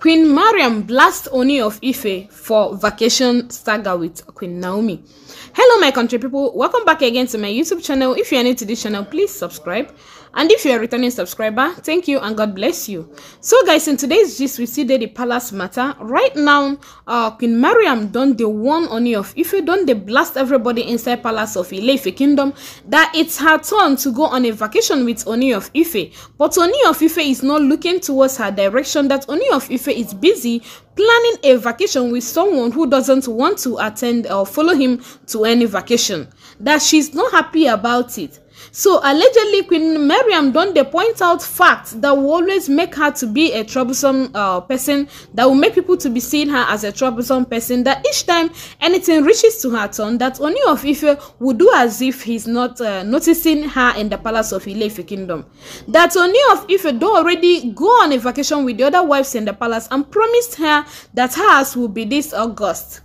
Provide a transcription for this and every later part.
Queen Mariam blasts Oni of Ife for vacation saga with Queen Naomi. Hello my country people, welcome back again to my YouTube channel. If you are new to this channel, please subscribe. And if you are a returning subscriber, thank you and God bless you. So guys, in today's gist, we see the palace matter. Right now, uh, Queen Mariam done the one Oni of Ife, done the blast everybody inside palace of Ife kingdom that it's her turn to go on a vacation with Oni of Ife. But Oni of Ife is not looking towards her direction that Oni of Ife Ife is busy planning a vacation with someone who doesn't want to attend or follow him to any vacation, that she's not happy about it. So allegedly, Queen Miriam don't they point out facts that will always make her to be a troublesome uh, person, that will make people to be seeing her as a troublesome person, that each time anything reaches to her turn, that Oni of Ife will do as if he's not uh, noticing her in the palace of Ilefe kingdom. That Oni of Ife do already go on a vacation with the other wives in the palace and promised her that hers will be this August.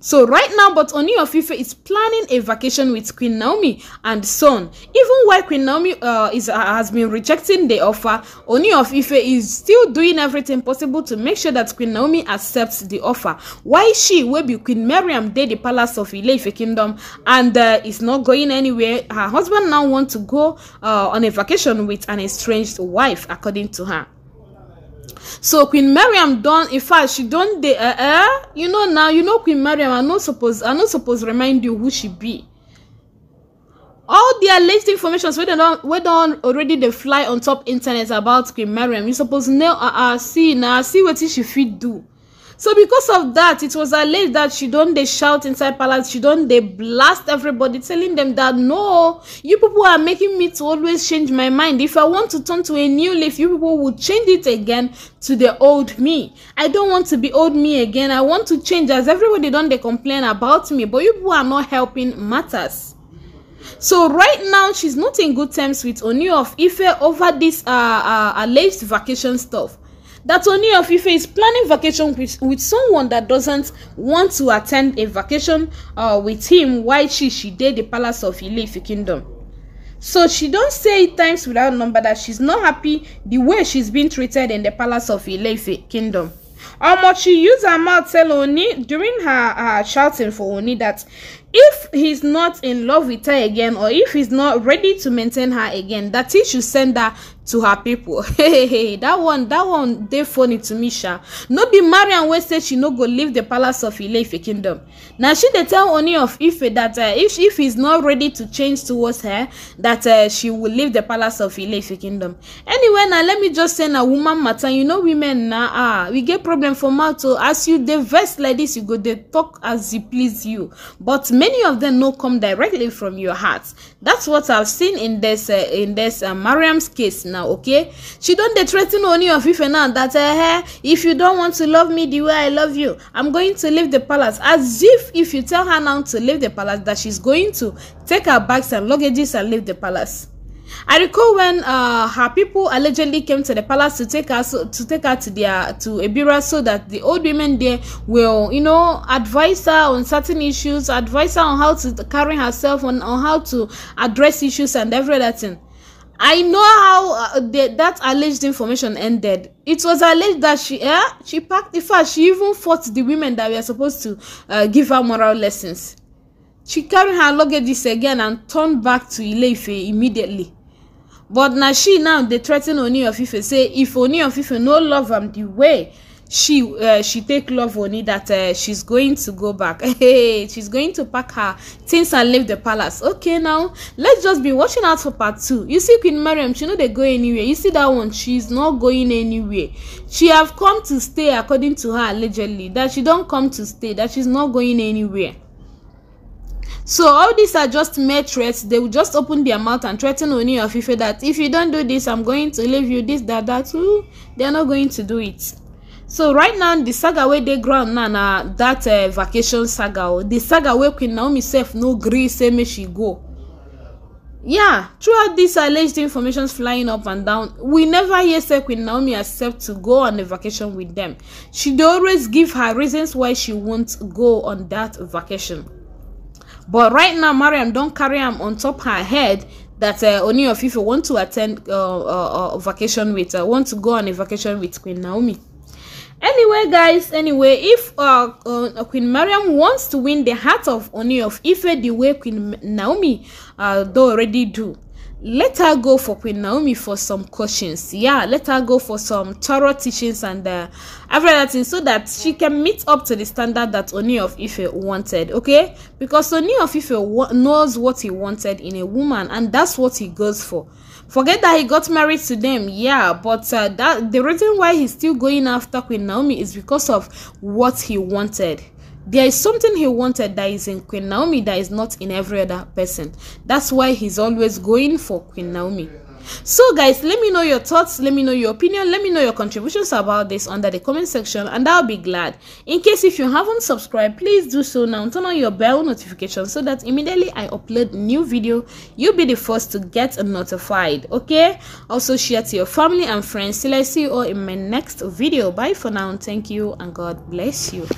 So right now, but Oni of Ife is planning a vacation with Queen Naomi and son. Even while Queen Naomi uh, is, uh, has been rejecting the offer, Oni of Ife is still doing everything possible to make sure that Queen Naomi accepts the offer. Why she will be Queen Miriam dey the palace of Ile Ife kingdom and uh, is not going anywhere. Her husband now wants to go uh, on a vacation with an estranged wife, according to her so queen mariam don in fact she don dey uh, eh, uh, eh, you know now you know queen mariam i no suppose i no suppose remind you who she be all di latest information. wey don already dey fly on top internet about queen mariam you suppose know ah, ah, see na see wetin she fit do so because of that it was alleged that she don't they shout inside palace she don't they blast everybody telling them that no you people are making me to always change my mind if i want to turn to a new leaf you people will change it again to the old me i don't want to be old me again i want to change as everybody don't they complain about me but you people are not helping matters so right now she's not in good terms with Oni of Ife over this uh, uh, alleged vacation stuff that Oni of is planning vacation with, with someone that doesn't want to attend a vacation uh, with him while she, she did the palace of Ileife kingdom. So she don't say times without number that she's not happy the way she's being treated in the palace of Ileife kingdom. How much she used her mouth tell Oni during her, shouting for Oni that if he's not in love with her again or if he's not ready to maintain her again, that he should send her to her people, hey dat one that one dey funny to me sha no be mariam wey say she no go leave the palace of Ife kingdom na she dey tell oni of ife dat uh, if if he's not ready to change towards her dat uh, she will leave the palace of Ife kingdom anyway na let me just say na woman matter you know women na ah we get problem for mouth o oh. as you dey vex like this, you go dey talk as e please you but many of them no come directly from your heart that's what i've seen in this uh, in dis mariam's case na now okay she don dey threaten oni of if now that if you don't want to love me the way i love you i'm going to leave the palace as if if you tell her now to leave the palace that she's going to take her bags and luggages and leave the palace I recall when uh, her people allegedly came to the palace to take her so, to take her to their to Ebira so that the old women there will you know advise her on certain issues, advise her on how to carry herself, on on how to address issues and everything. I know how uh, the, that alleged information ended. It was alleged that she yeah, she packed. the fact, she even fought the women that were supposed to uh, give her moral lessons. She carried her luggage again and turned back to ile immediately. But now she now dey threaten Oni of Ife say if Oni of Ife no love am the way she uh, she take love oni that uh, she's going to go back she's going to pack her things and leave the palace okay now let's just be watching out for part two you see queen mariam she no dey go anywhere you see that one she's not going anywhere she have come to stay according to her allegedly that she don come to stay that she's not going anywhere so all these are just mere threats they will just open their mouth and threaten oni of ife that if you don do this i'm going to leave you this that that ooh they are not going to do it so right now the saga wey dey ground now na dat eh, vacation saga o di saga wey queen naomi sef no gree say make she go yeah throughout this alleged information flying up and down we never hear say queen naomi accept to go on a vacation with them. she dey always give her reasons why she won't go on that vacation but right now mariam don carry am on top her head that uh, eh, Oni of want to attend uh, uh, uh, vacation with, uh, want to go on a vacation with Queen Naomi. Anyway, guys, anyway, if uh, uh, Queen Mariam wants to win the heart of Oni of Ife the way Queen Naomi uh, though already do, let her go for Queen Naomi for some questions. Yeah, let her go for some thorough teachings and uh, after that thing so that she can meet up to the standard that Oni of Ife wanted, okay? Because Oni of Ife knows what he wanted in a woman and that's what he goes for. Forget that he got married to them, yeah, but uh, that the reason why he's still going after Queen Naomi is because of what he wanted. there is something he wanted that is in Queen Naomi that is not in every other person. That's why he's always going for Queen Naomi. So guys, let me know your thoughts, let me know your opinion, let me know your contributions about this under the comment section and I'll be glad. In case if you haven't subscribed, please do so now. Turn on your bell notification so that immediately I upload new video, you'll be the first to get notified, okay? Also share to your family and friends till I see you all in my next video. Bye for now. Thank you and God bless you.